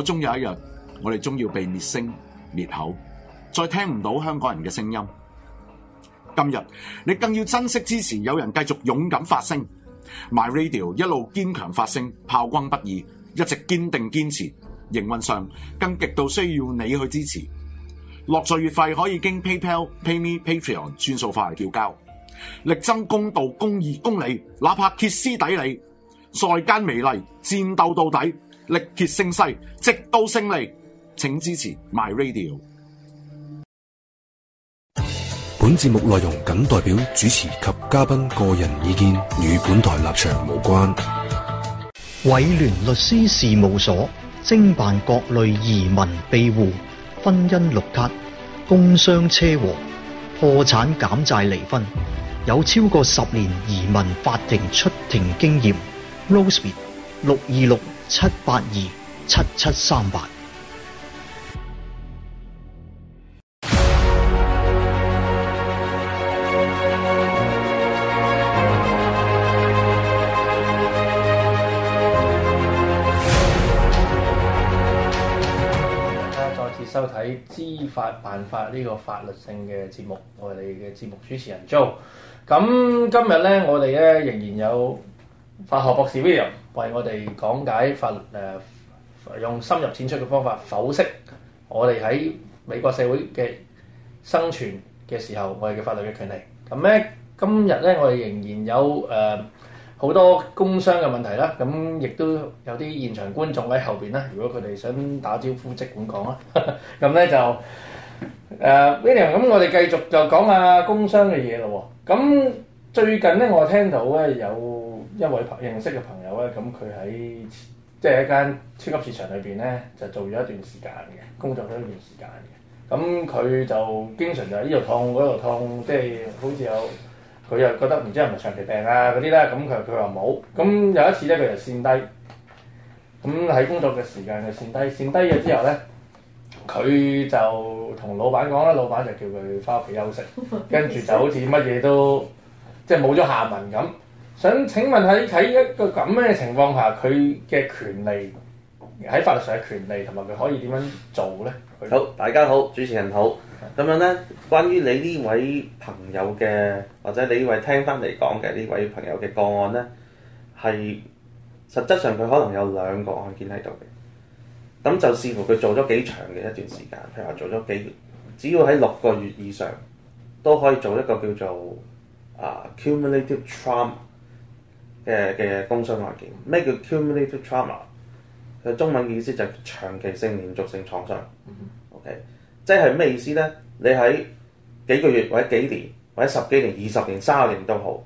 我終有一日，我哋終要被滅聲滅口，再聽唔到香港人嘅聲音。今日你更要珍惜支持有人繼續勇敢發聲，My Radio 一路堅強發聲，炮轟不已，一直堅定堅持。營運上更極度需要你去支持。樂助月費可以經 PayPal、PayMe、Patreon 轉數快嚟繳交。力爭公道、公義、公理，哪怕歇斯底里，在間微利戰鬥到底。力竭聲勢，直到勝利。請支持 My Radio。本節目內容僅代表主持及嘉賓個人意見，與本台立場無關。偉聯律師事務所經辦各類移民庇護、婚姻綠卡、工傷車禍、破產減債、離婚，有超過十年移民法庭出庭經驗。Rosie 六二六。七八二七七三八， 大家再次收睇《知法犯法》呢個法律性嘅節目， 我哋嘅節目主持人 Joe，咁今日咧，我哋咧仍然有。法學博士 William 為我哋講解法誒、呃、用深入淺出嘅方法剖析我哋喺美國社會嘅生存嘅時候，我哋嘅法律嘅權利。咁、嗯、咧今日咧，我哋仍然有誒好、呃、多工傷嘅問題啦。咁、嗯、亦都有啲現場觀眾喺後邊啦。如果佢哋想打招呼，即管講啦。咁咧就誒、呃、William，咁、嗯、我哋繼續就講下工傷嘅嘢咯。咁、嗯、最近咧，我聽到咧有。因為朋認識嘅朋友咧，咁佢喺即係一間超級市場裏邊咧，就做咗一段時間嘅工作，咗一段時間嘅。咁佢就經常就喺呢度痛嗰度痛，即係、就是、好似有佢又覺得唔知係咪長期病啊嗰啲咧。咁佢佢話冇。咁有，有一次咧，佢就跣低。咁喺工作嘅時間佢跣低，跣低咗之後咧，佢就同老闆講啦，老闆就叫佢返屋企休息，跟住就好似乜嘢都即係冇咗下文咁。想請問喺喺一個咁嘅情況下，佢嘅權利喺法律上嘅權利，同埋佢可以點樣做呢？好，大家好，主持人好。咁、嗯、樣呢，關於你呢位朋友嘅，或者你呢位聽翻嚟講嘅呢位朋友嘅個案呢，係實質上佢可能有兩個案件喺度嘅。咁就視乎佢做咗幾長嘅一段時間，譬如話做咗幾，只要喺六個月以上，都可以做一個叫做啊 cumulative trauma 嘅嘅工傷案件，咩叫 cumulative trauma？佢中文意思就長期性連續性創傷。嗯、哼 OK，即係咩意思呢？你喺幾個月或者幾年或者十幾年、二十年、三十年都好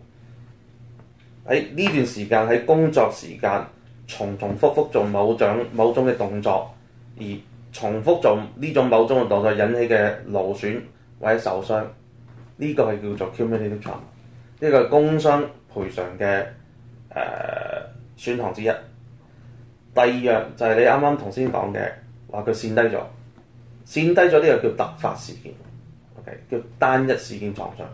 喺呢段時間喺工作時間重重複複做某種某種嘅動作，而重複做呢種某種嘅動作引起嘅勞損或者受傷，呢、這個係叫做 cumulative trauma。呢個係工傷賠償嘅。誒選項之一，第二樣就係你啱啱頭先講嘅，話佢跣低咗，跣低咗呢個叫突發事件，OK，叫單一事件撞傷，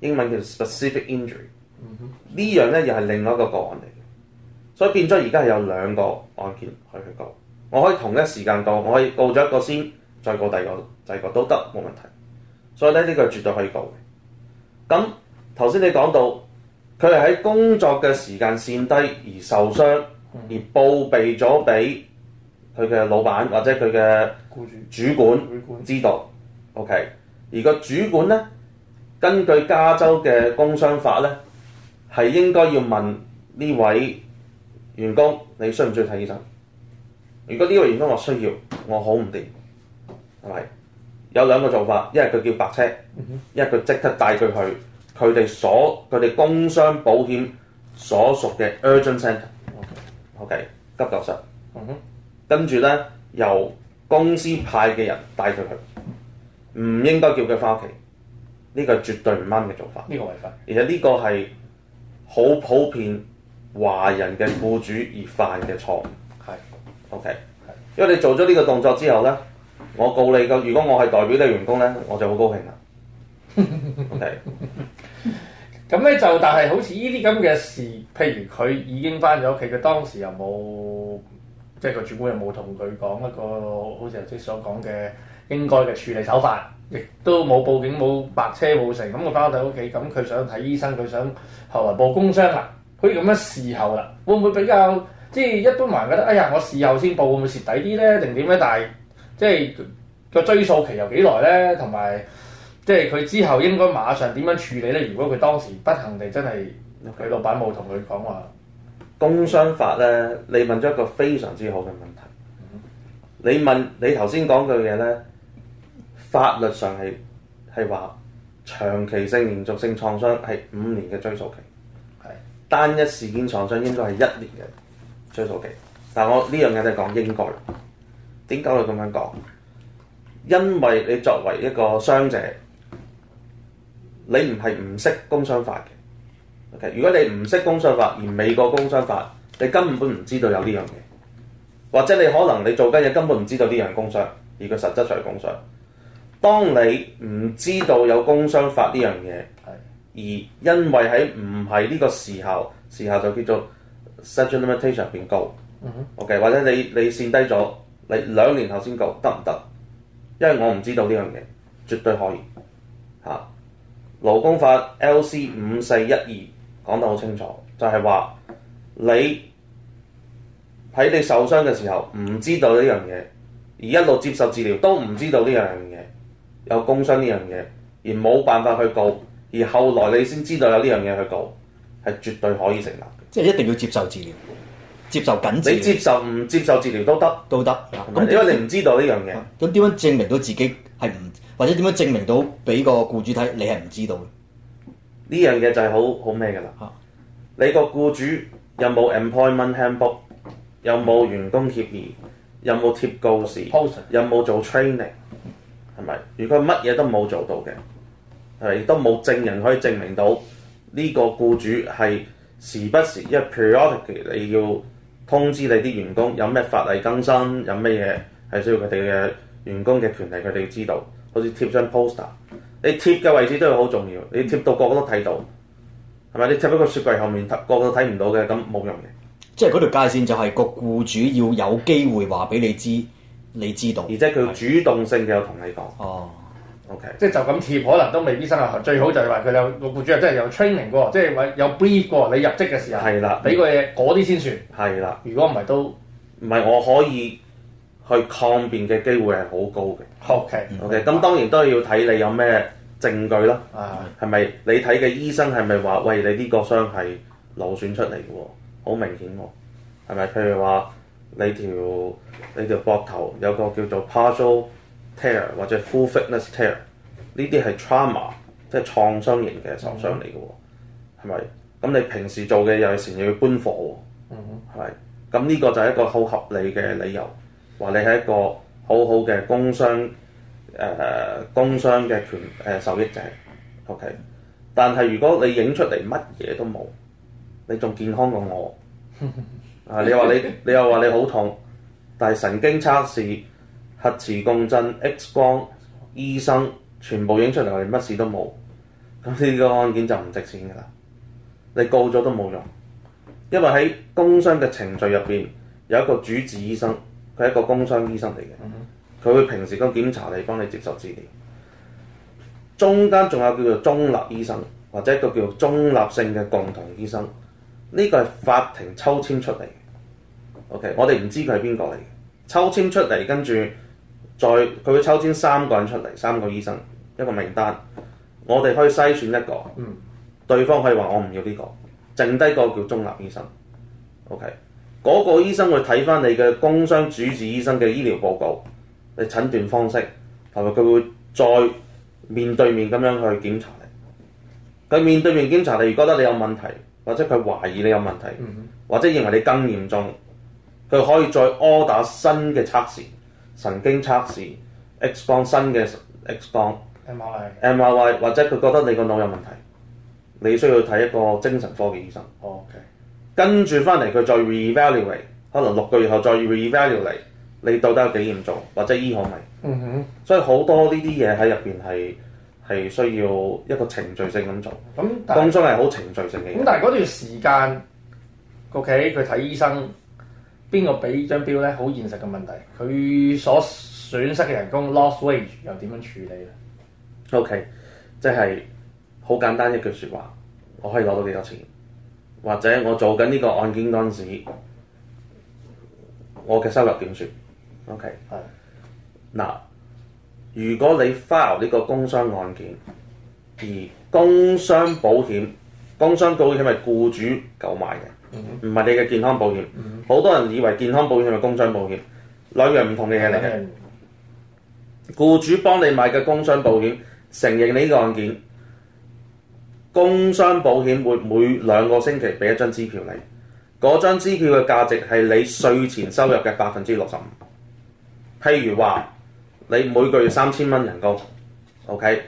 英文叫 specific injury，呢樣咧又係另外一個個案嚟嘅，所以變咗而家係有兩個案件可以去告，我可以同一時間告，我可以告咗一個先，再告第二個、第二個都得，冇問題，所以咧呢個絕對可以告嘅。咁頭先你講到。佢係喺工作嘅時間線低而受傷，而報備咗俾佢嘅老闆或者佢嘅主管知道。OK，而個主管咧，根據加州嘅工傷法咧，係應該要問呢位員工你需唔需要睇醫生？如果呢位員工話需要，我好唔掂，係咪？有兩個做法，一係佢叫白車，一係佢即刻帶佢去。佢哋所佢哋工傷保險所屬嘅 urgent center, OK, okay, 急救室，uh huh. 跟住咧由公司派嘅人帶佢去，唔應該叫佢翻屋企，呢、這個絕對唔啱嘅做法。呢個違法，而且呢個係好普遍華人嘅雇主而犯嘅錯誤。係 ，OK，因為你做咗呢個動作之後咧，我告你個，如果我係代表你員工咧，我就好高興啦。 OK。 咁咧就，但係好似呢啲咁嘅事，譬如佢已經翻咗屋企，佢當時又冇，即係個主管又冇同佢講一個好似頭先所講嘅應該嘅處理手法，亦都冇報警、冇白車、冇成，咁佢翻到屋企，咁佢想睇醫生，佢想後來報工傷啦，可以咁樣事後啦，會唔會比較即係一般人覺得，哎呀，我事後先報會唔會蝕底啲咧，定點咧？但係即係個追訴期有幾耐咧，同埋。即係佢之後應該馬上點樣處理呢？如果佢當時不幸地真係佢 Okay. 老闆冇同佢講話，工商法呢，你問咗一個非常之好嘅問題。Mm hmm. 你問你頭先講句嘢呢，法律上係係話長期性連續性創傷係五年嘅追訴期，係 Yes. 單一事件創傷應該係一年嘅追訴期。但我呢樣嘢就講應該，點解我咁樣講？因為你作為一個傷者。你唔係唔識工傷法嘅，OK？如果你唔識工傷法而美國工傷法，你根本唔知道有呢樣嘢，或者你可能你做緊嘢根本唔知道呢樣工傷而佢實質上係工傷。當你唔知道有工傷法呢樣嘢，而因為喺唔係呢個時候時候就叫做 statute of limitation 變高 OK？或者你你線低咗，你兩年後先告得唔得？因為我唔知道呢樣嘢，絕對可以吓。啊勞工法 L.C. 五四一二講得好清楚，就係話你喺你受傷嘅時候唔知道呢樣嘢，而一路接受治療都唔知道呢樣嘢有工傷呢樣嘢，而冇辦法去告，而後來你先知道有呢樣嘢去告，係絕對可以成立。即係一定要接受治療，接受緊，你接受唔接受治療都得，都得。咁點解你唔知道呢樣嘢，咁點樣證明到自己係唔？或者點樣證明到俾個僱主睇，你係唔知道。呢樣嘢就係好好咩㗎啦。啊、你個僱主有冇 employment handbook？有冇 hand 員工協議？有冇貼告示？Post. 有冇做 training？係咪？如果乜嘢都冇做到嘅，亦都冇證人可以證明到呢個僱主係時不時，因為 periodically 你要通知你啲員工有咩法例更新，有咩嘢係需要佢哋嘅員工嘅權利，佢哋要知道。好似貼張 poster，你貼嘅位置都係好重要，你貼到個個都睇到，係咪？你貼喺個雪櫃後面，個個都睇唔到嘅，咁冇用嘅。即係嗰條界線就係個僱主要有機會話俾你知，你知道。而且佢主動性又同你講。的哦，OK，即係就咁貼，可能都未必生效。最好就係話佢有個僱主又真係有 training 過，即係話有 brief 過你入職嘅時候。係啦的。俾佢嘢嗰啲先算。係啦的。的如果唔係都唔係我可以。去抗辯嘅機會係好高嘅。O K，O K，咁當然都要睇你有咩證據啦。啊、嗯，係咪你睇嘅醫生係咪話？喂，你呢個傷係勞損出嚟嘅喎，好明顯喎、哦。係咪？譬如話你條你條膊頭有個叫做 partial tear 或者 full thickness、嗯、tear，呢啲係 trauma，即係創傷型嘅受傷嚟嘅喎。係咪？咁你平時做嘅又有時又要搬貨喎、哦。嗯，咁呢個就係一個好合理嘅理由。話你係一個好好嘅工傷誒、呃、工傷嘅權誒、呃、受益者，O K。Okay? 但係如果你影出嚟乜嘢都冇，你仲健康過我 啊！你話你你又話你好痛，但係神經測試、核磁共振、X 光、醫生全部影出嚟，我哋乜事都冇，咁呢個案件就唔值錢㗎啦。你告咗都冇用，因為喺工傷嘅程序入邊有一個主治醫生。佢係一個工傷醫生嚟嘅，佢會平時咁檢查你，幫你接受治療。中間仲有叫做中立醫生，或者一個叫做中立性嘅共同醫生。呢個係法庭抽籤出嚟。OK，我哋唔知佢係邊個嚟，抽籤出嚟，跟住再佢會抽籤三個人出嚟，三個醫生一個名單，我哋可以篩選一個。嗯，對方可以話我唔要呢個，剩低個叫中立醫生。OK。嗰個醫生會睇翻你嘅工傷主治醫生嘅醫療報告，你診斷方式，同埋佢會再面對面咁樣去檢查你。佢面對面檢查你，如果覺得你有問題，或者佢懷疑你有問題，嗯、哼或者認為你更嚴重，佢可以再 order 新嘅測試，神經測試，X 光，新嘅 X 光、嗯、哼，MRI，MRI，或者佢覺得你個腦有問題，你需要睇一個精神科嘅醫生。哦、OK。跟住翻嚟佢再 revalue，可能六個月後再 revalue 你，你到底有幾嚴重或者醫好未？嗯哼，所以好多呢啲嘢喺入邊係係需要一個程序性咁做。咁當中係好程序性嘅。咁、嗯、但係嗰段時間，個屋企佢睇醫生，邊個俾張表咧？好現實嘅問題，佢所損失嘅人工 lost wage 又點樣處理咧？OK，即係好簡單一句說話，我可以攞到幾多錢？或者我做緊呢個案件當時，我嘅收入點算？OK，係嗱的，如果你 file 呢個工傷案件，而工傷保險、工傷保險係僱主購買嘅，唔係你嘅健康保險。好、嗯、多人以為健康保險係工傷保險，兩樣唔同嘅嘢嚟嘅。僱、嗯、主幫你買嘅工傷保險，承認你呢個案件。工傷保險會每兩個星期俾一張支票你，嗰張支票嘅價值係你稅前收入嘅百分之六十五。譬如話，你每個月三千蚊人工，OK？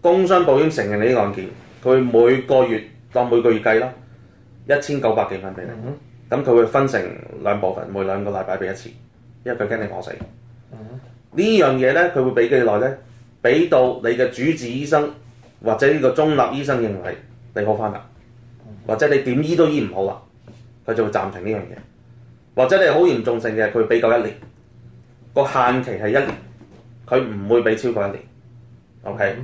工傷保險承認你啲案件，佢每個月當每個月計啦，一千九百幾蚊俾你，咁佢、嗯、哼會分成兩部分，每兩個禮拜俾一次，因為佢驚你餓死。嗯、哼樣呢樣嘢咧，佢會俾幾耐咧？俾到你嘅主治醫生。或者呢個中立醫生認為你好翻啦，或者你點醫都醫唔好啦，佢就會暫停呢樣嘢。或者你好嚴重性嘅，佢俾夠一年，個限期係一年，佢唔會俾超過一年。OK，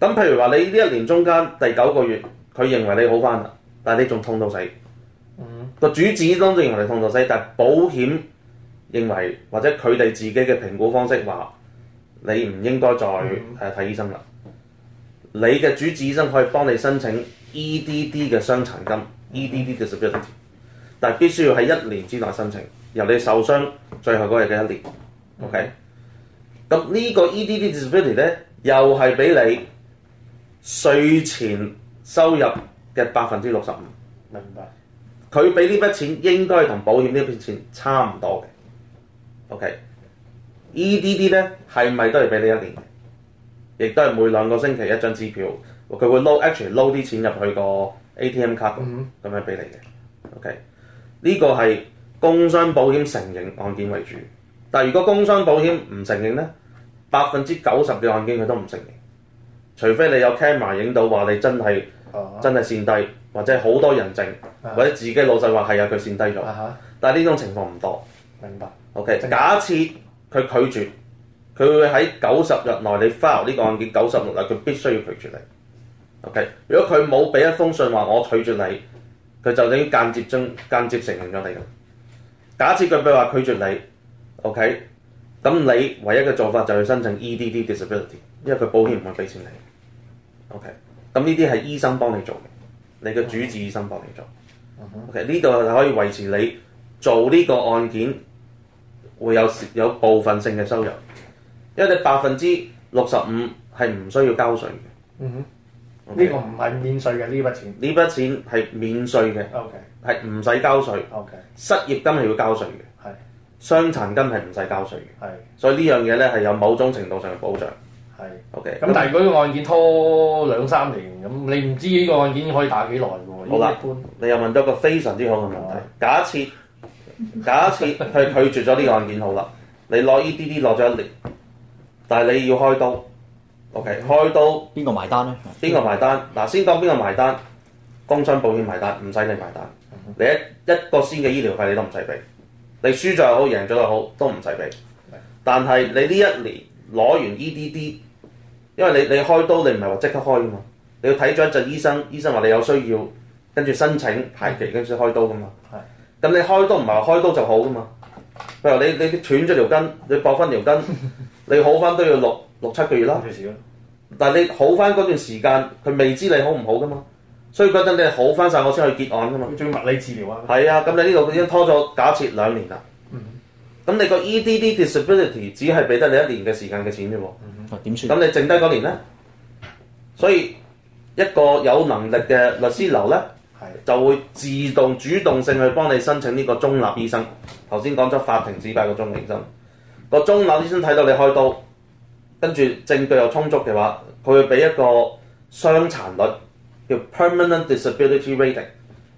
咁譬如話你呢一年中間第九個月，佢認為你好翻啦，但係你仲痛到死。個、嗯、主治醫生認為你痛到死，但係保險認為或者佢哋自己嘅評估方式話你唔應該再睇、嗯啊、醫生啦。你嘅主治醫生可以幫你申請 E.D.D 嘅傷殘金，E.D.D Disability，但必須要喺一年之內申請，由你受傷最後嗰日嘅一年。OK，咁呢個 E.D.D Disability 咧，又係俾你稅前收入嘅百分之六十五。明白。佢俾呢筆錢應該同保險呢筆錢差唔多嘅。OK，E.D.D、okay? 咧係咪都係俾你一年嘅？亦都係每兩個星期一張支票，佢會 load actually load 啲錢入去個 ATM 卡，咁樣俾你嘅。OK，呢個係工傷保險承認案件為主，但係如果工傷保險唔承認呢，百分之九十嘅案件佢都唔承認，除非你有 camera 影到話你真係、uh huh. 真係跣低，或者好多人證，uh huh. 或者自己老細話係啊佢跣低咗，uh huh. 但係呢種情況唔多。Uh huh. 明白。OK，白假設佢拒絕。佢會喺九十日內，你 file 呢個案件九十六日，佢必須要拒絕你。OK，如果佢冇俾一封信話我拒絕你，佢就等於間接中間接承認咗你。假設佢譬如話拒絕你，OK，咁你唯一嘅做法就係申請 EDD disability，因為佢保險唔會俾錢你。OK，咁呢啲係醫生幫你做嘅，你嘅主治醫生幫你做。OK，呢度係可以維持你做呢個案件會有有部分性嘅收入。因為你百分之六十五係唔需要交稅嘅，嗯哼，呢個唔係免稅嘅，呢筆錢，呢筆錢係免稅嘅，OK，係唔使交稅，OK，失業金係要交稅嘅，係，傷殘金係唔使交稅嘅，係，所以呢樣嘢咧係有某種程度上嘅保障，係，OK，咁但係如果個案件拖兩三年，咁你唔知呢個案件可以打幾耐好啦，你又問到個非常之好嘅問題，假設，假設佢拒絕咗呢個案件好啦，你攞呢啲啲攞咗一年。但係你要開刀，OK？開刀邊個埋單咧？邊個埋單？嗱，先講邊個埋單？工傷保險埋單，唔使你埋單。你一一個先嘅醫療費你都唔使俾，你輸咗又好，贏咗又好，都唔使俾。但係你呢一年攞完 E.D.D.，因為你你開刀你唔係話即刻開噶嘛，你要睇咗一陣醫生，醫生話你有需要，跟住申請排期，跟住開刀噶嘛。係的。咁你開刀唔係話開刀就好噶嘛？譬如你你斷咗條筋，你駁翻條筋。 你好翻都要六六七個月啦，最少。但你好翻嗰段時間，佢未知你好唔好噶嘛，所以覺得你好翻晒，我先去結案噶嘛。仲要物理治療啊？係啊，咁你呢度已經拖咗假設兩年啦。嗯哼。咁你個 E D D Disability 只係俾得你一年嘅時間嘅錢啫喎。嗯。點、啊、算？咁你剩低嗰年咧？所以一個有能力嘅律師樓咧，係的就會自動主動性去幫你申請呢個中立醫生。頭先講咗法庭指派嘅中立醫生。個中立醫生睇到你開刀，跟住證據又充足嘅話，佢會俾一個傷殘率叫 permanent disability rating，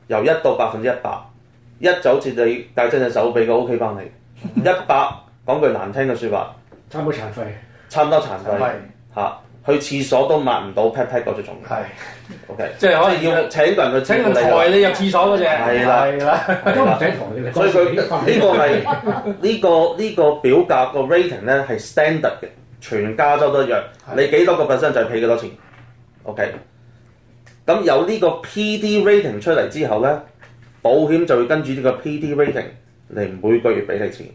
由一到百分之一百，一就好似你戴隻隻手俾個 O.K. 返你，一百講句難聽嘅説話， 差唔多殘廢，差唔多殘廢嚇。去廁所都抹唔到 pat pat 嗰種嘅。係是，OK，即係可能要請個人去清理。你入廁所嗰隻，係啦，都唔想同你。 所以佢呢、 呢個係呢個呢個表格個 rating 咧係 standard 嘅，全加州都一樣。的你幾多個 percent 就係俾幾多錢，OK。咁有呢個 PD rating 出嚟之後咧，保險就會跟住呢個 PD rating 嚟每個月俾你錢。呢、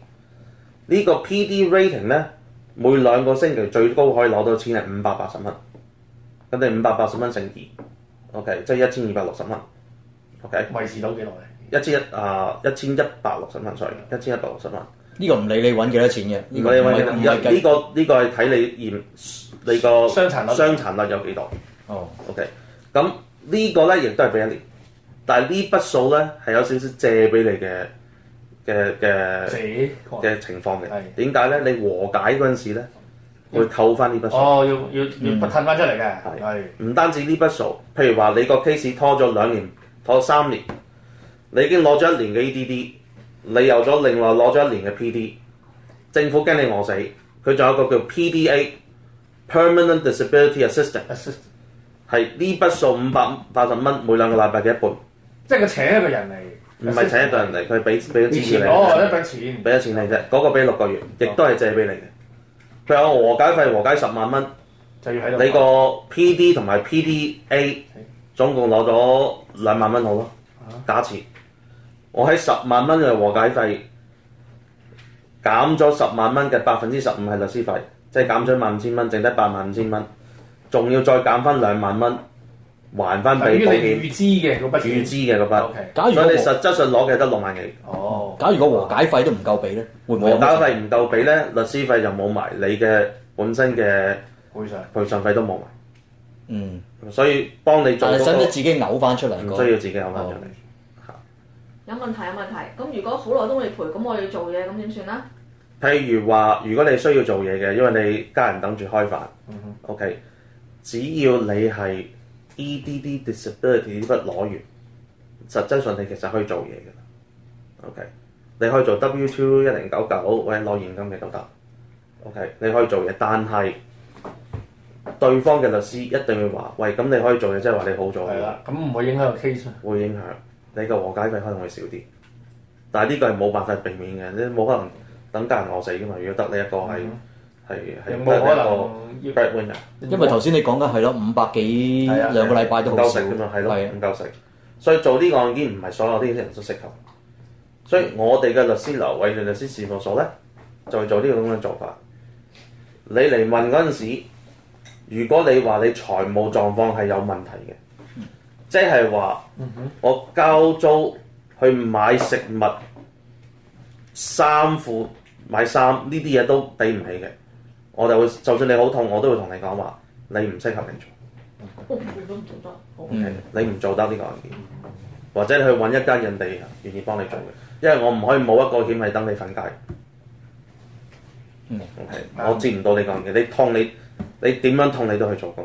呢個 PD rating 咧。每兩個星期最高可以攞到錢係五百八十蚊，咁你五百八十蚊乘二，OK，即係一千二百六十蚊。OK，維持到幾耐？一千一啊，一千一百六十蚊出嚟，一千一百六十蚊。呢個唔理你揾幾多錢嘅，唔係，唔係呢個，呢個係睇你驗你個傷殘率，傷殘率有幾多？多哦，OK，咁呢個咧亦都係俾一年，但係呢筆數咧係有少少借俾你嘅。嘅嘅嘅情況嘅，點解咧？你和解嗰陣時咧，會扣翻呢筆數。哦，要要要褪翻出嚟嘅。係，唔單止呢筆數，譬如話你個 case 拖咗兩年，拖三年，你已經攞咗一年嘅 A.D.D，你有咗另外攞咗一年嘅 P.D。政府驚你餓死，佢仲有一個叫 P.D.A. Permanent Disability Assistant，係呢 筆數五百八十蚊每兩個禮拜嘅一半。即係佢請一個人嚟。唔係請一個人嚟，佢俾俾咗支持你。前哦，俾錢，俾咗錢你啫。嗰個俾六個月，亦都係借俾你嘅。佢有和解費，和解十萬蚊。就要喺度。你個 PD 同埋 PDA 總共攞咗兩萬蚊好咯。嚇、啊！假設我喺十萬蚊嘅和解費減咗十萬蚊嘅百分之十五係律師費，即係減咗一萬五千蚊，剩低八萬五千蚊，仲要再減翻兩萬蚊。還翻俾你預支嘅預支嘅嗰筆，所以你實質上攞嘅得六萬幾。哦，Okay. 假如個和，和解費都唔夠俾咧，哦、會會和解費唔夠俾咧，律師費就冇埋你嘅本身嘅賠償賠償費都冇埋。嗯，所以幫你做、嗰個。但係使自己扭翻出嚟，唔需要自己扭翻出嚟。有問題有問題，咁如果好耐都未賠，咁我要做嘢，咁點算咧？譬如話，如果你需要做嘢嘅，因為你家人等住開飯。嗯、哼 o、okay. K，只要你係。E D D disability 呢筆攞完，實際上你其實可以做嘢嘅，OK？你可以做 W two 一零九九，或者攞現金嘅都得，OK？你可以做嘢，但係對方嘅律師一定會話：喂，咁你可以做嘢，即係話你好咗，咁唔會影響個 case？會影響你個和解費可能會少啲，但係呢個係冇辦法避免嘅，即冇可能等家人餓死嘅嘛。如果得你一個係。嗯冇可能啊！因為頭先你講緊係咯，五百幾兩的個禮拜都唔夠食噶嘛，係咯，唔夠食。所以做呢個案件唔係所有啲人都適合。所以我哋嘅律師樓偉聯律師事務所咧，就做呢個咁樣做法。你嚟問嗰陣時，如果你話你財務狀況係有問題嘅，的即係話、嗯、哼我交租、去買食物、衫褲、買衫呢啲嘢都俾唔起嘅。我就會，就算你好痛，我都會同你講話，你唔適合你做，我唔做都做得。O K，你唔做得呢個案件，或者你去揾一間人哋願意幫你做嘅，因為我唔可以冇一個險係等你瞓解。我接唔到你講嘅，你痛你，你點樣痛你都去做工。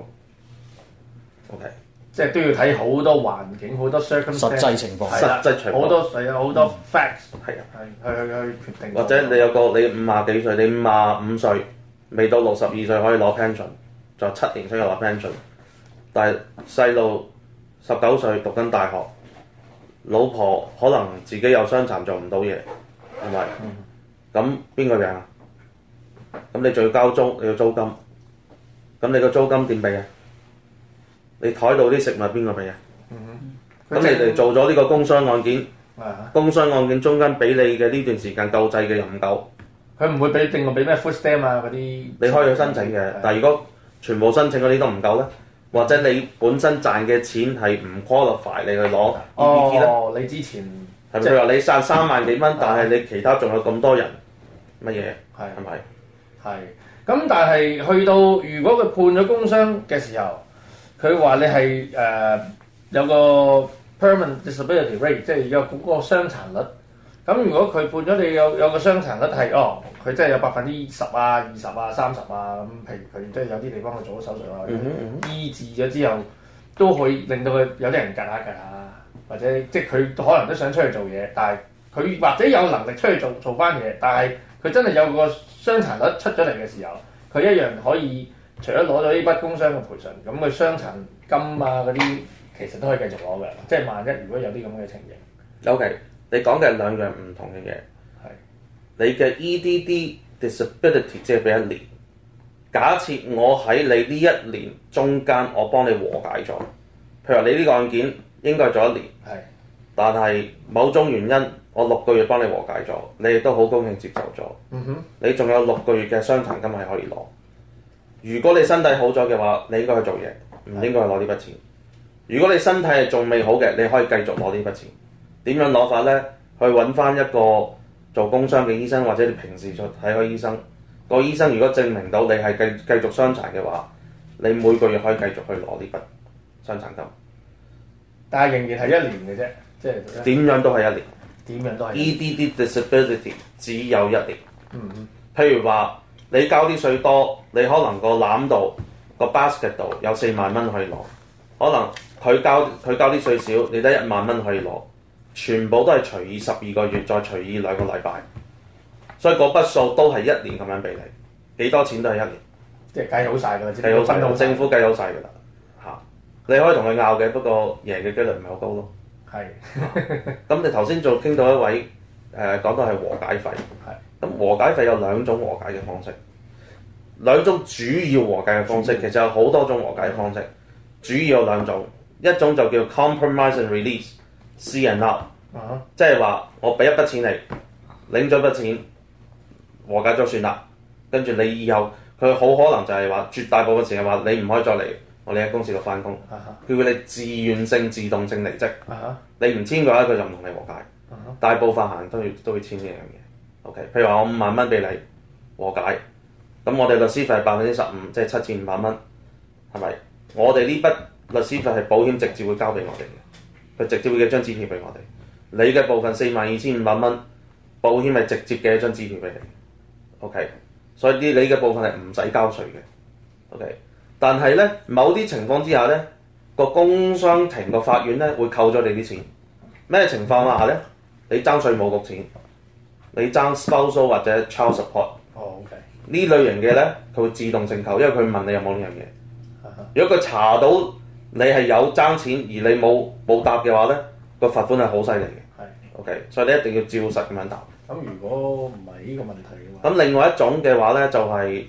O K，即係都要睇好多環境、好多 s e 實際情況，實際情況好多係好多 facts 係啊，係去去去決定。或者你有個你五廿幾歲，你五廿五歲。未到六十二歲可以攞 pension，就七年先可以攞 pension。但大細路十九歲讀緊大學，老婆可能自己有傷殘做唔到嘢，係咪？咁邊個俾啊？咁你仲要交租，你要租金。咁你個租金點俾啊？你台度啲食物邊個俾啊？咁、嗯、你哋做咗呢個工傷案件，工傷案件中間畀你嘅呢段時間救濟嘅又唔夠。夠佢唔會俾你定，我俾咩 food stamp 啊嗰啲。你可以去申請嘅，的但係如果全部申請嗰啲都唔夠咧，或者你本身賺嘅錢係唔 qualify 你去攞 EBT、哦、你之前係咪佢話你賺三萬幾蚊，的但係你其他仲有咁多人乜嘢？係係咪？係的。咁但係去到如果佢判咗工傷嘅時候，佢話你係誒、uh, 有個 permanent disability rate，即係有嗰個傷殘率。咁如果佢判咗你有有個傷殘率係哦，佢真係有百分之十啊、二十啊、三十啊咁，譬如佢即係有啲地方佢做咗手術啊，mm hmm. 醫治咗之後都可以令到佢有啲人吉啦㗎啦，或者即係佢可能都想出去做嘢，但係佢或者有能力出去做做翻嘢，但係佢真係有個傷殘率出咗嚟嘅時候，佢一樣可以除咗攞咗呢筆工傷嘅賠償，咁佢傷殘金啊嗰啲其實都可以繼續攞嘅，即係萬一如果有啲咁嘅情形，O K。Okay. 你講嘅係兩樣唔同嘅嘢，係的你嘅 E D D Disability 只係俾一年。假設我喺你呢一年中間，我幫你和解咗，譬如你呢個案件應該係做一年，係的，但係某種原因，我六個月幫你和解咗，你亦都好高興接受咗，嗯、哼，你仲有六個月嘅傷殘金係可以攞。如果你身體好咗嘅話，你應該去做嘢，唔應該去攞呢筆錢。的如果你身體係仲未好嘅，你可以繼續攞呢筆錢。點樣攞法咧？去揾翻一個做工傷嘅醫生，或者你平時做睇開醫生、個醫生，如果證明到你係繼繼續傷殘嘅話，你每個月可以繼續去攞呢筆傷殘金。但係仍然係一年嘅啫，即係點樣都係一年。點樣都係一年。EDD disability 只有一年。嗯嗯。譬如話你交啲稅多，你可能個攬度個 basket 度有四萬蚊可以攞，可能佢交佢交啲稅少，你得一萬蚊可以攞。全部都係除以十二個月，再除以兩個禮拜，所以嗰筆數都係一年咁樣俾你，幾多錢都係一年，即係計好晒噶啦，即係計好晒。政府計好晒噶啦，嚇！你可以同佢拗嘅，不過贏嘅機率唔係好高咯。係的，咁的、嗯、你頭先仲傾到一位誒、呃、講到係和解費，係咁的和解費有兩種和解嘅方式，兩種主要和解嘅方式，嗯、其實有好多種和解嘅方式，主要有兩種，一種就叫 compromise and release。私人啦，即係話我俾一筆錢你，領咗筆錢和解咗算啦。跟住你以後佢好可能就係話絕大部分時間話你唔可以再嚟我哋喺公司度翻工，叫你、uh huh. 自願性自動性離職。Uh huh. 你唔簽嘅話，佢就唔同你和解。Uh huh. 大部分行都要都會簽呢樣嘢。OK，譬如話我五萬蚊俾你和解，咁我哋律師費百分之十五，即係七千五百蚊，係咪？我哋呢筆律師費係保險直接會交俾我哋嘅。佢直接會寄張支票俾我哋，你嘅部分四萬二千五百蚊保險係直接寄一張支票俾你，OK，所以啲你嘅部分係唔使交稅嘅，OK，但係咧某啲情況之下咧，個工商庭個法院咧會扣咗你啲錢，咩情況下咧？你爭稅務局錢，你爭 spousal 或者 child support，哦、oh, OK，呢類型嘅咧佢會自動請求，因為佢問你有冇呢樣嘢，uh huh. 如果佢查到。你係有爭錢，而你冇冇答嘅話咧，個罰款係好犀利嘅。係的，OK，所以你一定要照實咁樣答。咁如果唔係呢個問題嘅話，咁另外一種嘅話咧，就係、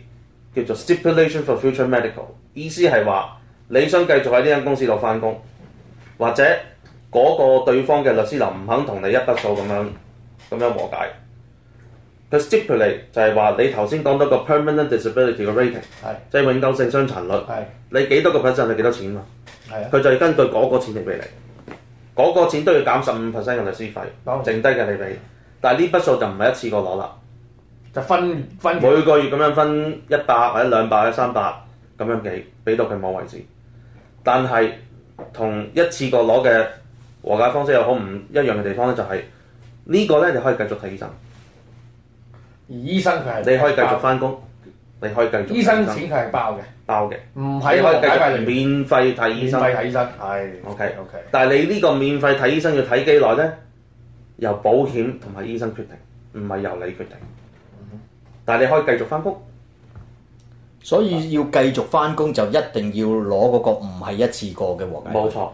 是、叫做 stipulation for future medical，意思係話你想繼續喺呢間公司度返工，或者嗰個對方嘅律師樓唔肯同你一筆數咁樣咁樣和解。佢 stipulate 就係話你頭先講到個 permanent disability 嘅 rating，的即係永久性傷殘率。的你幾多個 percent 係幾多錢嘛、啊？佢的就要根據嗰個錢嚟俾你，嗰、那個錢都要減十五 percent 嘅律師費，費哦、剩低嘅你俾。但係呢筆數就唔係一次過攞啦，就分分每個月咁樣分一百或者兩百或者三百咁樣幾俾到佢冇為止。但係同一次過攞嘅和解方式又好唔一樣嘅地方咧、就是，就係呢個咧你可以繼續睇醫生。而醫生佢係你可以繼續翻工，的你可以繼續醫生，醫生錢佢係包嘅，包嘅唔係我免費睇醫生，免費睇醫生係 OK OK，但係你呢個免費睇醫生要睇幾耐咧？由保險同埋醫生決定，唔係由你決定。但係你可以繼續翻工，嗯、哼所以要繼續翻工就一定要攞嗰個唔係一次過嘅黃金。冇錯。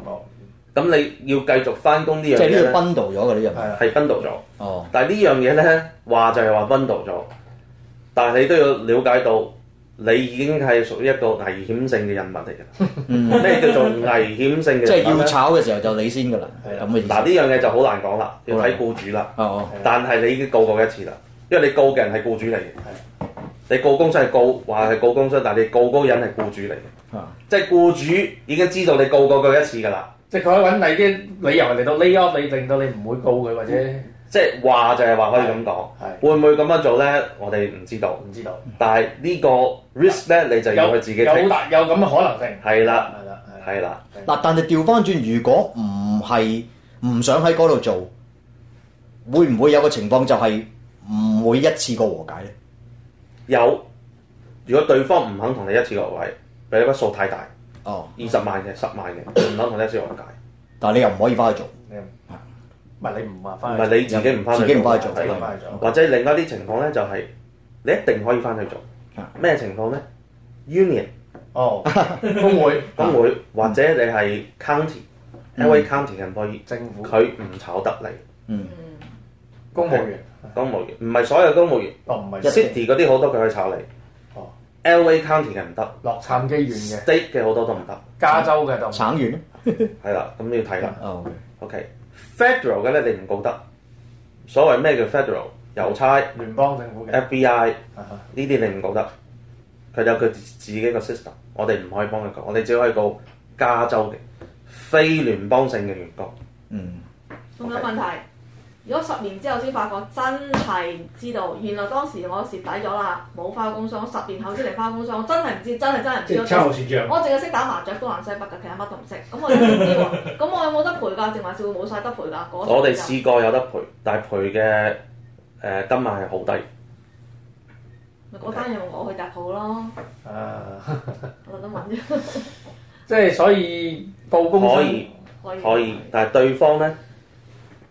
咁你要繼續翻工呢樣嘢咧？即係呢個分道咗嘅呢樣，係分道咗。哦，但係呢樣嘢咧話就係話分道咗，但係你都要了解到，你已經係屬於一個危險性嘅人物嚟嘅。咩、嗯、叫做危險性嘅？即係要炒嘅時候就你先㗎啦。係咁嘅意思。嗱呢樣嘢就好難講啦，要睇僱主啦。但係你已經告過一次啦，因為你告嘅人係僱主嚟嘅。你告公司係告，話係告公司，但係你告嗰人係僱主嚟嘅。即係、啊、僱主已經知道你告過佢一次㗎啦。即係佢可以搵第啲理由嚟到 lay off 你，令到你唔會告佢，或者即係話就係話可以咁講，會唔會咁樣做咧？我哋唔知道，唔知道。但係呢個 risk 咧，是你就要佢自己有有有咁嘅可能性，係啦的，係啦，係啦。嗱，的但係調翻轉，如果唔係唔想喺嗰度做，會唔會有個情況就係唔會一次過和解咧？有。如果對方唔肯同你一次過和解，俾一筆數太大。哦，二十萬嘅十萬嘅，唔同同得需要解，但係你又唔可以翻去做，你唔係你唔話翻，唔係你自己唔翻去做，自己唔翻去做，或者另外一啲情況咧就係你一定可以翻去做，咩情況咧？Union 哦，工會，工會，或者你係 county，因為 county 人 b o 政府佢唔炒得你，嗯，公務員，公務員，唔係所有公務員，哦唔係，city 嗰啲好多佢可以炒你。L.A. county 嘅唔得，洛杉磯縣嘅 state 嘅好多都唔得，加州嘅都唔得，橙縣係啦，咁 你要睇啦。Oh, OK，federal okay.、okay. 嘅咧你唔告得，所謂咩叫 federal，郵差、聯邦政府嘅 FBI 呢啲你唔告得，佢 FBI, 有佢自己嘅 system，我哋唔可以幫佢告，我哋只可以告加州嘅非聯邦性嘅原告。 嗯，仲有 Okay. 問題？如果十年之後先發覺真係唔知道，原來當時我蝕底咗啦，冇花工傷，十年後先嚟花工傷，我，我真係唔知，真係真係唔知。即係抽選我淨係識打麻雀東南西北㗎，其他乜都唔識。咁我咁我有冇得賠㗎？淨話笑冇晒得賠㗎？我哋試過有得賠，但係賠嘅誒金額係好低。咪嗰 單嘢我去搭鋪咯。啊！我得問啫。即係所以報工傷可以可以，但係對方咧。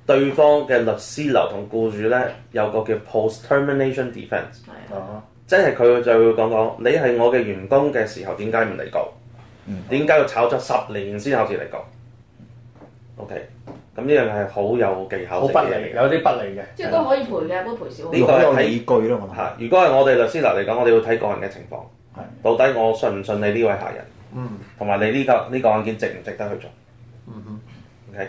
對方嘅律師樓同僱主咧有個叫 post termination defense 哦的，即係佢就會講講，你係我嘅員工嘅時候點解唔嚟告？點解、嗯、要炒咗十年先好似嚟告？OK，咁呢樣係好有技巧好不利，有啲不利嘅，即係都可以賠嘅，都賠少。呢個理據咯，我嚇。如果係我哋律師樓嚟講，我哋要睇個人嘅情況，係的到底我信唔信你呢位客人？嗯，同埋你呢、這個呢、這個案件值唔值得去做？Okay? 嗯哼，OK，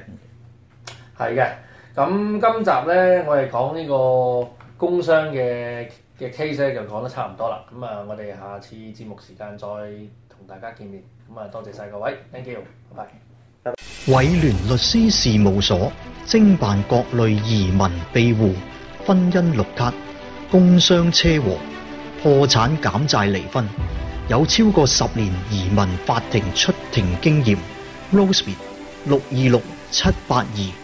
係嘅。咁今集咧，我哋講呢個工傷嘅嘅 case 咧，就講得差唔多啦。咁啊，我哋下次節目時間再同大家見面。咁啊，多謝晒各位，Thank you，拜拜。偉聯律師事務所，精辦各類移民庇護、婚姻綠卡、工傷車禍、破產減債離婚，有超過十年移民法庭出庭經驗。Rosie，e 六二六七八二。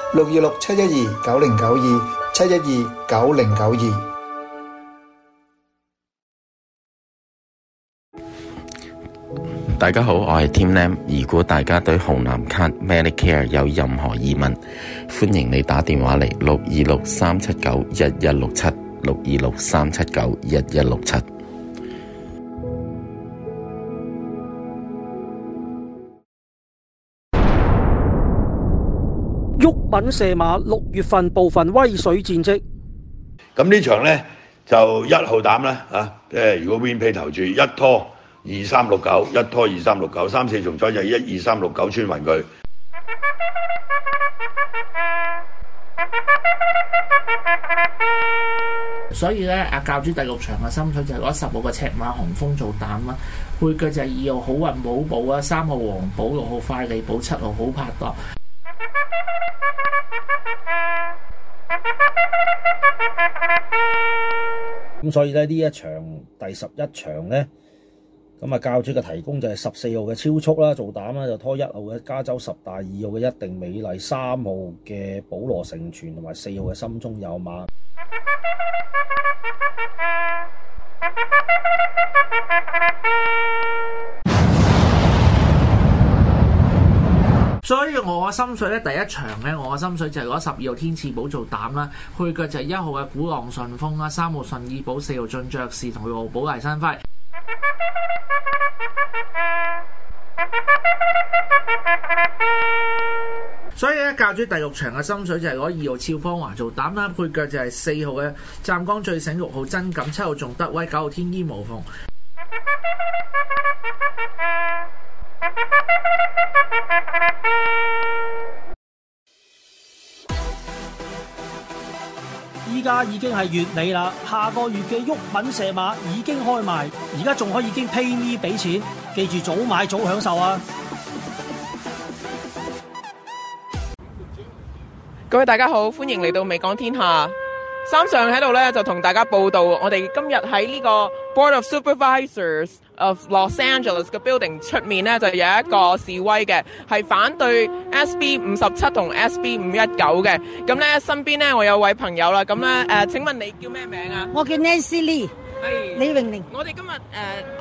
六二六七一二九零九二七一二九零九二，26, 12, 92, 12, 大家好，我係 Tim Lam。如果大家對紅藍卡 Medicare 有任何疑問，歡迎你打電話嚟六二六三七九一一六七，六二六三七九一一六七。品射馬六月份部分威水戰績。咁呢場咧就一號膽啦吓，誒、啊、如果 v n P 投注一拖二三六九一拖二三六九三四重彩就一二三六九穿勻佢，所以咧阿教主第六場嘅心水就攞十號嘅赤馬紅風做膽啦，配腳就二號好運寶寶啊，三號黃寶、六號快利寶、七號好拍檔。咁所以咧呢一場第十一場呢，咁啊教主嘅提供就係十四號嘅超速啦，做膽啦，就拖一號嘅加州十大、二號嘅一定美麗、三號嘅保羅成全同埋四號嘅心中有馬。我嘅心水咧，第一場咧，我嘅心水就係攞十二號天賜寶做膽啦，配腳就係一號嘅古浪順風啦，三號順意寶，四號進爵士同六號寶麗生輝。所以咧，教主第六場嘅心水就係攞二號超芳華做膽啦，配腳就係四號嘅湛江最醒，六號真錦，七號仲德威，九號天衣無縫。而家已經係月尾啦，下個月嘅玉品射馬已經開賣，而家仲可以經 pay me 俾錢，記住早買早享受啊！各位大家好，歡迎嚟到《美港天下》，三上喺度呢，就同大家報道，我哋今日喺呢個 Board of Supervisors。誒 Los Angeles 嘅 building 出面咧就有一個示威嘅，係反對 SB 五十七同 SB 五一九嘅。咁咧身邊咧我有位朋友啦。咁咧誒，請問你叫咩名啊？我叫 NancyLee，係李永玲。我哋今日誒，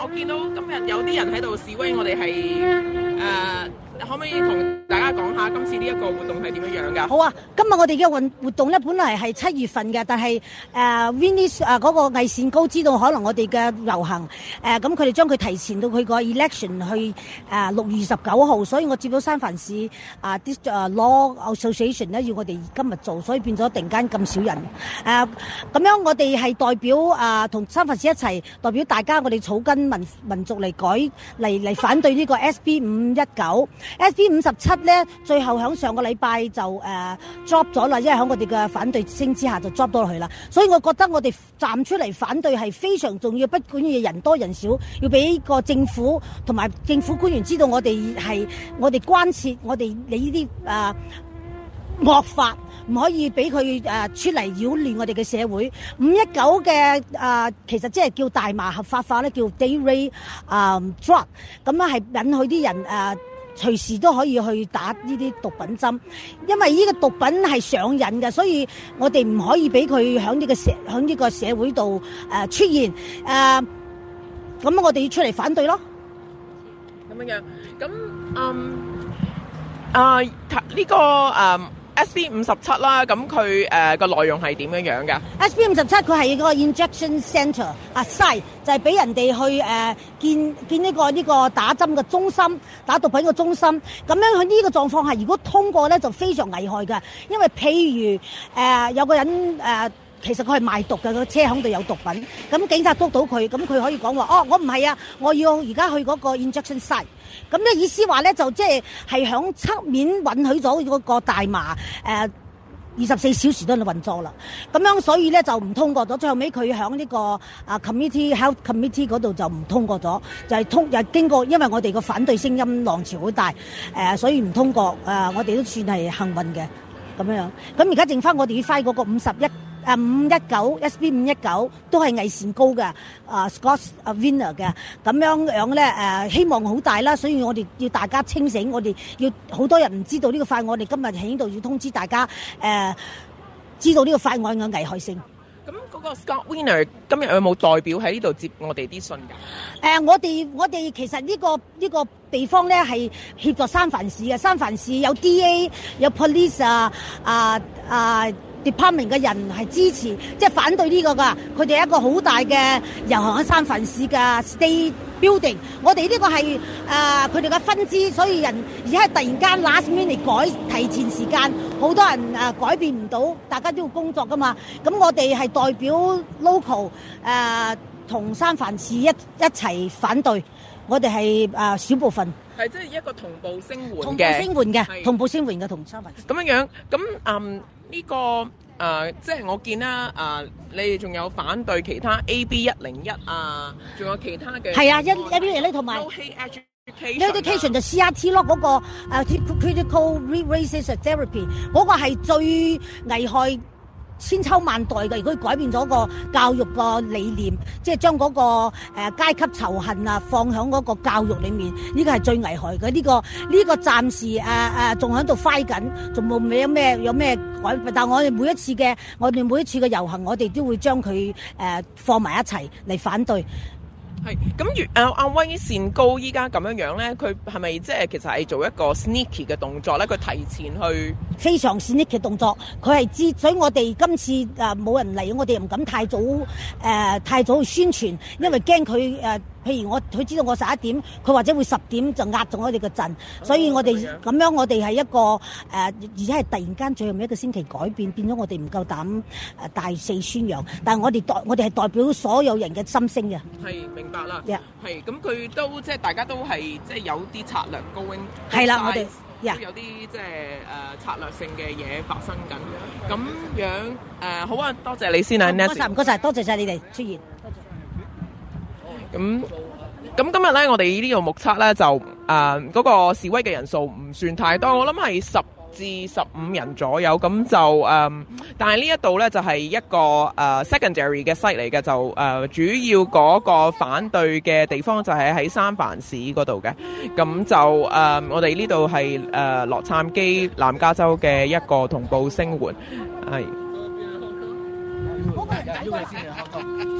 我見到今日有啲人喺度示威，我哋係。誒，你、uh, 可唔可以同大家講下今次呢一個活動係點樣樣噶？好啊，今日我哋嘅運活動咧，本來係七月份嘅，但係誒 Venus 誒嗰個魏善高知道可能我哋嘅遊行誒，咁佢哋將佢提前到佢個 election 去誒六、uh, 月十九號，所以我接到三藩市啊啲、uh, 誒攞 association 咧要我哋今日做，所以變咗突然間咁少人。誒、uh, 咁樣我哋係代表誒、uh, 同三藩市一齊代表大家我哋草根民民族嚟改嚟嚟反對呢個 SB 五一九 S D 五十七咧，最後響上個禮拜就誒、uh, drop 咗啦，因為響我哋嘅反對聲之下就 drop 到落去啦。所以我覺得我哋站出嚟反對係非常重要，不管要人多人少，要俾個政府同埋政府官員知道我哋係我哋關切，我哋你呢啲誒惡法。唔可以俾佢誒出嚟擾亂我哋嘅社會。五一九嘅誒，其實即係叫大麻合法化咧，叫 Daily 啊、呃、Drug，咁樣係允許啲人誒、呃、隨時都可以去打呢啲毒品針。因為呢個毒品係上癮嘅，所以我哋唔可以俾佢喺呢個社喺呢個社會度誒出現誒。咁、呃、我哋要出嚟反對咯。咁樣樣，咁嗯啊呢個誒。Um, S B 五十七啦，咁佢誒個內容係點樣樣噶？S B 五十七佢係個 injection center 啊，side 就係俾人哋去誒見見呢個呢個打針嘅中心，打毒品嘅中心。咁樣佢呢個狀況下，如果通過咧就非常危害嘅，因為譬如誒、呃、有個人誒。呃其實佢係賣毒嘅，個車響度有毒品。咁警察捉到佢，咁佢可以講話哦，我唔係啊，我要而家去嗰個 injection site。咁咧意思話咧就即係係響側面允許咗嗰個大麻誒二十四小時都喺度運作啦。咁樣所以咧就唔通過咗。最後尾佢響呢個啊 Comm committee 喺 committee 嗰度就唔通過咗，就係、是、通又經過，因為我哋個反對聲音浪潮好大誒、呃，所以唔通過啊、呃。我哋都算係幸運嘅咁樣。咁而家剩翻我哋要 fight 嗰個五十一。誒五一九 SB 五一九都係偽善高嘅，誒 Scott 誒 Wiener 嘅咁樣樣咧誒，希望好大啦，所以我哋要大家清醒，我哋要好多人唔知道呢個法案，我哋今日喺呢度要通知大家誒，知道呢個法案嘅危害性。咁嗰個 Scott Wiener 今日有冇代表喺呢度接我哋啲信㗎？誒，我哋我哋其實呢個呢個地方咧係協助三藩市嘅，三藩市有 DA 有 Police 啊啊啊！department 嘅人係支持，即、就、係、是、反對呢個噶，佢哋一個好大嘅遊行喺三藩市嘅 state building 我。我哋呢個係誒佢哋嘅分支，所以人而家突然間 last minute 改，改提前時間，好多人誒、呃、改變唔到，大家都要工作噶嘛。咁我哋係代表 local 誒、呃、同三藩市一一齊反對，我哋係誒小部分。係即係一個同步聲援嘅，同步聲援嘅，是同步聲援嘅同三藩市。咁樣樣咁嗯。呢、這個誒、呃、即係我見啦，誒、呃，你哋仲有反對其他 A B 一零一啊，仲有其他嘅係啊，一一啲嘢咧同埋 education 就 C R T 咯、嗰個，uh, therapy, 個誒 critical race therapy 個係最危害。千秋萬代嘅，如果改變咗個教育個理念，即係將嗰個誒階級仇恨啊放響嗰個教育裏面，呢個係最危害嘅。呢個呢個暫時誒誒仲喺度 fight 緊，仲冇未有咩有咩改。但我哋每一次嘅我哋每一次嘅遊行，我哋都會將佢誒放埋一齊嚟反對。係咁如阿阿、啊、威善高依家咁樣樣咧，佢係咪即係其實係做一個 sneaky 嘅動作咧？佢提前去非常 sneaky 嘅動作，佢係知，所以我哋今次啊冇、呃、人嚟，我哋又唔敢太早誒、呃、太早去宣傳，因為驚佢誒。呃譬如我，佢知道我十一點，佢或者會十點就壓中我哋個陣，所以我哋咁樣，我哋係一個誒，而且係突然間最後一個星期改變，變咗我哋唔夠膽誒大肆宣揚。但係我哋代，我哋係代表所有人嘅心聲嘅。係，明白啦。呀，係，咁佢都即係大家都係即係有啲策略 going。係啦，我哋都有啲即係誒策略性嘅嘢發生緊。咁樣誒，好啊，多謝你先啊，Nancy。唔該曬，唔該曬，多謝曬你哋出現。咁咁、嗯嗯、今日咧，我哋呢度目測咧就啊嗰、呃那個示威嘅人數唔算太多，我諗係十至十五人左右。咁、嗯、就誒、呃，但係呢一度咧就係、是、一個誒、呃、secondary 嘅 site 嚟嘅，就誒、呃、主要嗰個反對嘅地方就係喺三藩市嗰度嘅。咁、嗯、就誒、呃，我哋呢度係誒洛杉磯南加州嘅一個同步聲援，係。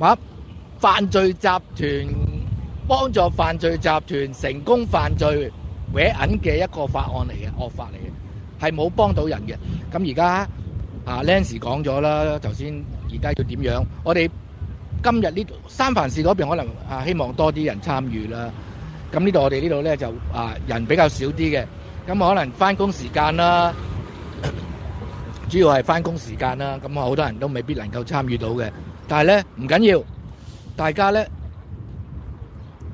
啊、犯罪集團幫助犯罪集團成功犯罪搲銀嘅一個法案嚟嘅惡法嚟嘅，係冇幫到人嘅。咁而家啊 Lens 講咗啦，頭先而家要點樣？我哋今日呢度，三藩市嗰邊可能啊希望多啲人參與啦。咁呢度我哋呢度咧就啊人比較少啲嘅。咁可能翻工時間啦咳咳，主要係翻工時間啦。咁好多人都未必能夠參與到嘅。但係咧唔緊要，大家咧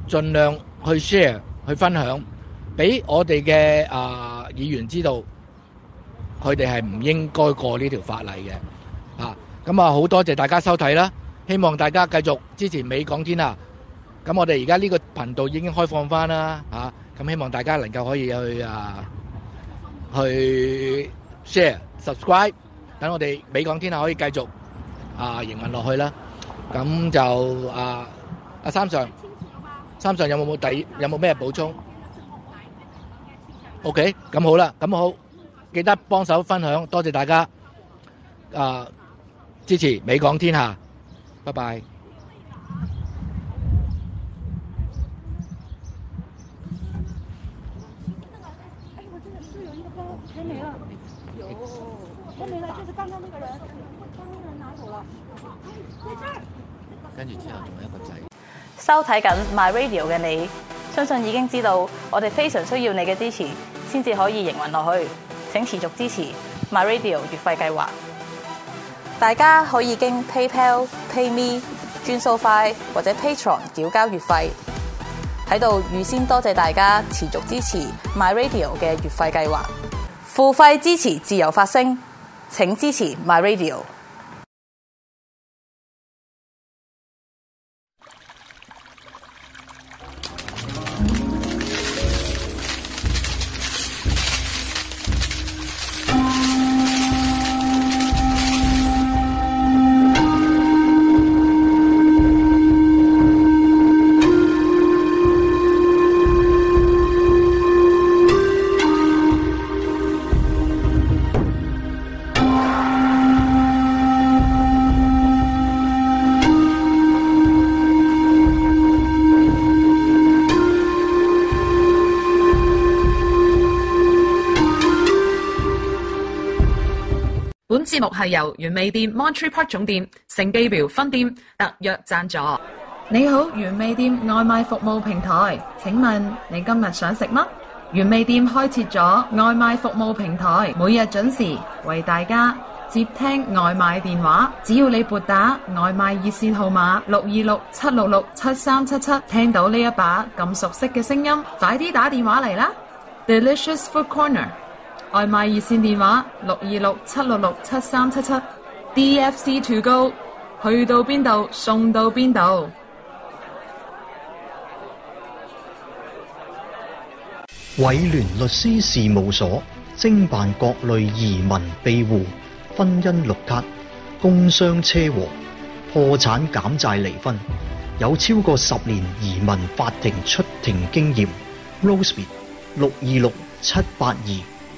盡量去 share 去分享，俾我哋嘅啊議員知道，佢哋係唔應該過呢條法例嘅。啊，咁啊好多謝大家收睇啦，希望大家繼續支持美港天啊，咁我哋而家呢個頻道已經開放翻啦，啊，咁希望大家能夠可以去啊去 share subscribe，等我哋美港天下可以繼續。啊，營運落去啦，咁就啊，阿三上，三上有冇冇底？有冇咩補充？OK，咁好啦，咁好，記得幫手分享，多謝大家，啊，支持美港天下，拜拜。跟住之後仲有一個仔。收睇緊 My Radio 嘅你，相信已經知道我哋非常需要你嘅支持，先至可以營運落去。請持續支持 My Radio 月費計劃。大家可以經 PayPal、PayMe、轉數快或者 Patreon 繳交月費。喺度預先多謝大家持續支持 My Radio 嘅月費計劃。付費支持，自由發聲，請支持 My Radio。目係由原味店 Monterey Park 總店、盛記苗分店特約贊助。你好，原味店外賣服務平台，請問你今日想食乜？原味店開設咗外賣服務平台，每日準時為大家接聽外賣電話。只要你撥打外賣熱線號碼六二六七六六七三七七，7 7, 聽到呢一把咁熟悉嘅聲音，快啲打電話嚟啦！Delicious Food Corner。外賣熱線電話六二六七六六七三七七 D F C Two Go 去到邊度送到邊度？偉聯律師事務所精辦各類移民庇護、婚姻綠卡、工傷車禍、破產減債、離婚，有超過十年移民法庭出庭經驗。Rosebud 六二六七八二。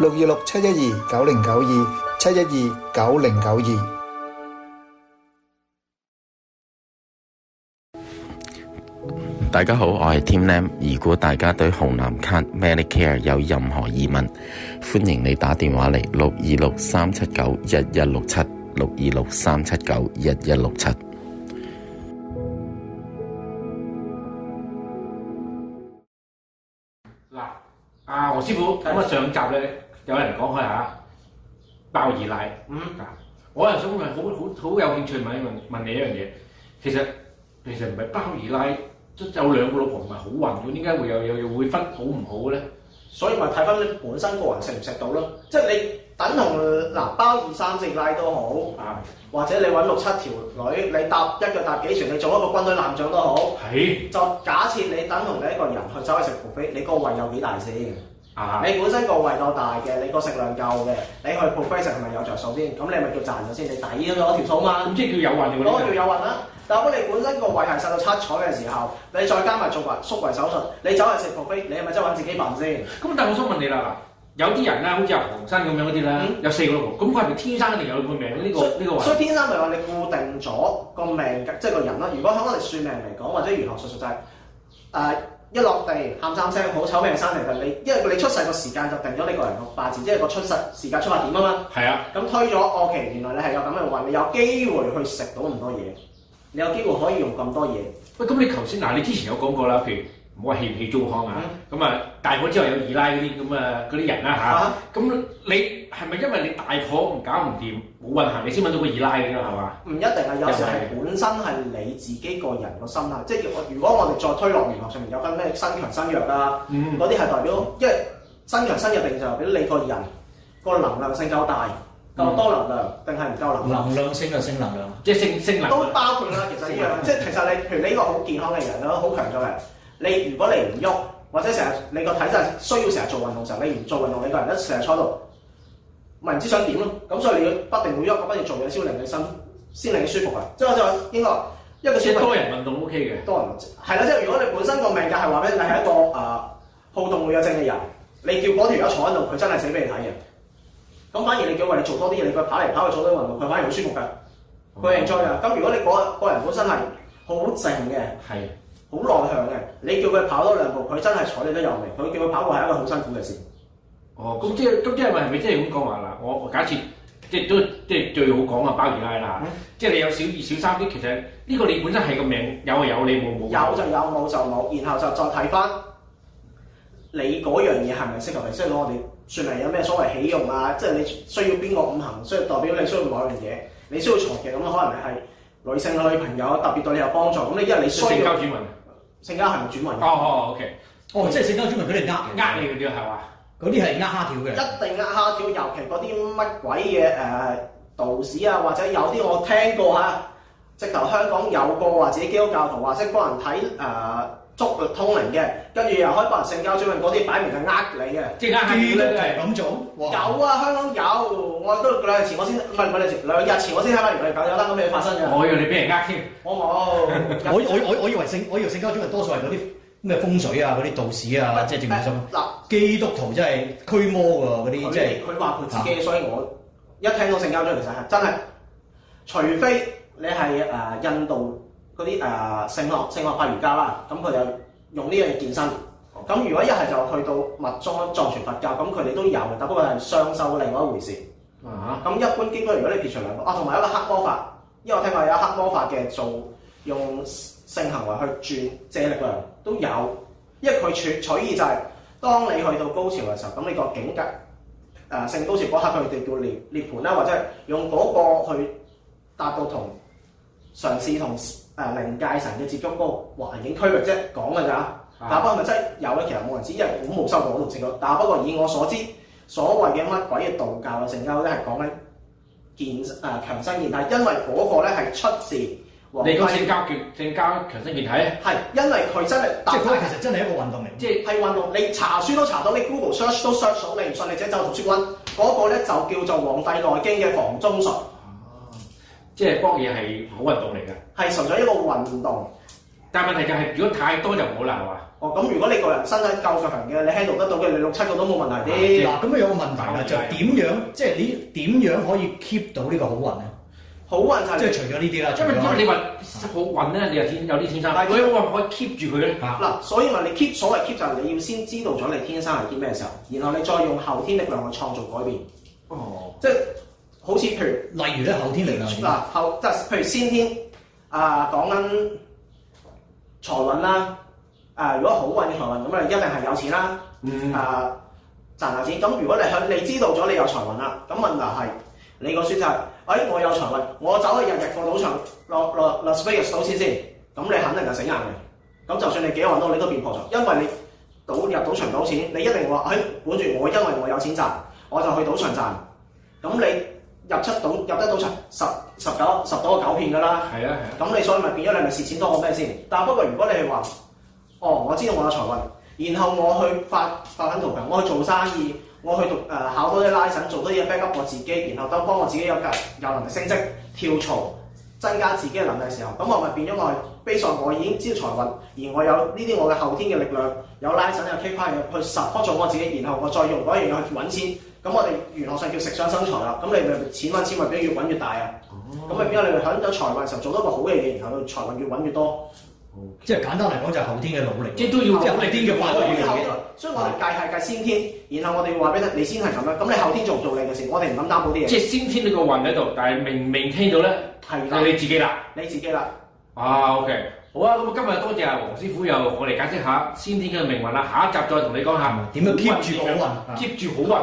六二六七一二九零九二七一二九零九二，26, 12, 92, 12，大家好，我係 Tim Lam。如果大家對紅藍卡 Medicare 有任何疑問，歡迎你打電話嚟六二六三七九一一六七，六二六三七九一一六七。啊，何師傅，咁啊、嗯、上集咧有人講佢嚇包二奶，嗱，嗯、我又想係好好好有興趣問問問你一樣嘢，其實其實唔係包二奶，都有兩個老婆唔係好運，點解會有有有會分好唔好咧？所以咪睇翻你本身個人食唔食到囉，即係你。等同嗱包二三四拉都好，啊、或者你揾六七條女，你搭一腳搭幾船，你做一個軍隊艦長都好。嘿就假設你等同你一個人去走去食 buffet，你個胃有幾大先？啊、你本身個胃夠大嘅，你個食量夠嘅，你去 buffet 食係咪有著數先？咁你係咪叫賺咗先？你抵咗條數嘛？咁、嗯、即係叫有運要攞嗱，叫有運啦、啊。但如果你本身個胃係瘦到七彩嘅時候，你再加埋做埋縮胃手術，你走去食 buffet，你係咪真係揾自己笨先？咁但係我想問你啦嗱。有啲人咧，好似阿黃生咁樣嗰啲啦，嗯、有四個老婆，咁佢係咪天生一定有命、這個命呢以個呢個所以天生就係話你固定咗個命即係、就是、個人咯。如果喺我哋算命嚟講，或者玄學術數就係、是、誒、呃、一落地喊三聲好，醜命生其實你，因為你出世個時間就定咗呢個人個八字，即係個出世時間出發點啊嘛。係是啊，咁推咗，我其實原來你係有咁嘅運，你有機會去食到咁多嘢，你有機會可以用咁多嘢。喂，咁你頭先嗱，你之前有講過啦，譬如。唔好話氣唔氣糟糠啊！咁、嗯、啊，大婆之後有二奶嗰啲咁啊，啲人啦嚇。咁你係咪因為你大婆唔搞唔掂冇運行，你先揾到個二奶嘅啫？係嘛？唔一定啊，有時係本身係你自己個人個心態。即係如果我哋再推落命學上面、啊，有分咩身強身弱啦。嗰啲係代表，因為身強身弱定就係代表你個人、嗰個能量性夠大，夠、嗯、多能量，定係唔夠能量？能量性又升，升能量，即係升升能量。都包括啦， 其實呢樣，即係其實你，譬如你依個好健康嘅人啦，好強壯嘅。你如果你唔喐，或者成日你個體質需要成日做運動時候，你唔做運動，你個人一成日坐喺度，到，唔知想點咯。咁所以你要不斷喐，不如做嘢先令你身先令你舒服嘅。即係我就話，應該一個少。多人運動 OK 嘅。多人係啦，即係如果你本身個命格係話俾你係一個啊好動會有症嘅人，你叫嗰條友坐喺度，佢真係死畀你睇嘅。咁反而你叫佢你做多啲嘢，你佢跑嚟跑去做多啲運動，佢反而好舒服嘅。佢人坐嘅。咁如果你嗰、那個人本身係好靜嘅。係。好內向嘅，你叫佢跑多兩步，佢真係坐你都遊命。佢叫佢跑步係一個好辛苦嘅事。哦，咁即係，咁即係咪係咪即係咁講話啦？我我假設，即係都即係最好講啊包二奶啦。嗯、即係你有小二、小三啲，其實呢個你本身係個名有有你冇冇。有就有，冇就冇，然後就再睇翻你嗰樣嘢係咪適合你。即係攞我哋算命，有咩所謂起用啊？即係你需要邊個五行，即係代表你需要某樣嘢。你需要財嘅咁，可能係女性嘅女朋友特別對你有幫助。咁你因為你需要交主文。性交係咪轉運嘅，哦哦，O K，哦，oh, okay. oh, 即係性交轉運，佢哋呃，呃你嗰啲係嘛？嗰啲係呃蝦條嘅，一定呃蝦條，尤其嗰啲乜鬼嘢誒道士啊，或者有啲我聽過嚇、啊，直頭香港有個或者基督教徒話，識幫人睇誒，呃通靈嘅，跟住又可以幫人性交轉運，嗰啲擺明係呃你嘅。即係基督徒都係咁做。有啊，香港有。我都兩日前我先，唔係唔係兩日前，兩日前我先睇翻原來有單咁嘅嘢發生嘅。我以為你俾人呃添。我冇。我我我我以為性，我以為性交轉運多數係嗰啲咩風水啊，嗰啲道士啊，即係正要深。嗱，基督徒真係驅魔㗎，嗰啲即係。佢話佢自己，所以我一聽到性交轉運其實係真係，除非你係誒印度。嗰啲誒聖樂聖樂派儒家啦，咁佢就用呢樣健身。咁、哦、如果一係就去到密宗藏傳佛教，咁佢哋都有，嘅，但不過係雙修另外一回事。啊！咁一般應該如果你撇除兩個啊，同埋一個黑魔法，因為我聽過有黑魔法嘅做用性行為去轉借力量都有，因為佢取取義就係、是、當你去到高潮嘅時候，咁你個境界誒性、呃、高潮嗰刻，佢哋叫涅涅槃啦，或者係用嗰個去達到同嘗試同。誒靈界神嘅接觸嗰個環境區域啫，講嘅咋，的但不過咪真係有咧？其實冇人知，因為古冇收到嗰度正修。但不過以我所知，所謂嘅乜鬼嘅道教嘅正修咧，係講緊健誒強身健體，因為嗰個咧係出自黃帝內經正交強身健體。係因為佢真係，但、那個、其實真係一個運動嚟。即係係運動，你查書都查到，你 Google search 都 search 到，你唔信你即就讀書揾嗰、那個咧，就叫做內皇《黃帝內經》嘅房中術。即係搏嘢係好運動嚟㗎，係純粹一個運動，但係問題就係如果太多就唔好啦，係嘛？哦，咁如果你個人身體夠實行嘅，你喺度得到嘅，你六七個都冇問題啲。嗱，咁樣有個問題啦，就點樣即係你點樣可以 keep 到呢個好運咧？好運就係即係除咗呢啲啦，因為你話好運咧，你又有啲天生，但係點樣可以 keep 住佢咧？嗱，所以話你 keep，所謂 keep 就係你要先知道咗你天生係啲咩時候，然後你再用後天力量去創造改變。哦，即係。好似譬如，例如咧，後天嚟噶。嗱如，後即係譬如，如先天，啊講緊財運啦。啊、呃，如果好運嘅財運咁啊，一定係有錢啦。嗯、啊，賺下錢。咁如果你響你知道咗你有財運啦，咁問題、就、係、是、你個選擇。哎，我有財運，我走去日日過賭場，Las Las Las Vegas 賭錢先。咁你肯定就死硬嘅。咁就算你幾運都，你都變破財，因為你賭入賭場賭錢，你一定話：哎，管住我，我因為我有錢賺，我就去賭場賺。咁你？入出到入得到場十十九十到個九片㗎啦，係啊係啊，咁你所以咪變咗你咪蝕錢多過咩先？但不過如果你係話，哦我知道我有財運，然後我去發發奮圖強，我去做生意，我去讀誒、呃、考多啲拉神，做多啲嘢 backup 我自己，然後都幫我自己有夾，有能力升職跳槽，增加自己嘅能力嘅時候，咁我咪變咗我係 base 我已經知道財運，而我有呢啲我嘅後天嘅力量，有拉神有 K 派，pop, 有去 support 咗我自己，然後我再用嗰樣嘢去揾錢。咁我哋原學上叫食傷生財啦，咁你咪錢揾錢咪變越揾越大啊！咁咪變咗你咪享有財運嘅時候做多個好嘅嘢，然後到財運越揾越多。即係簡單嚟講，就後天嘅努力。即係都要後天嘅努力嚟嘅。所以我哋計係計先天，然後我哋要話俾你，你先係咁樣。咁你後天做唔做你嘅事，我哋唔敢擔保啲嘢。即係先天呢個運喺度，但係明明聽到咧，就你自己啦，你自己啦。啊 OK，好啊！咁今日多謝阿黃師傅又我嚟解釋下先天嘅命運啦。下一集再同你講下點樣 keep 住好運，keep 住好運。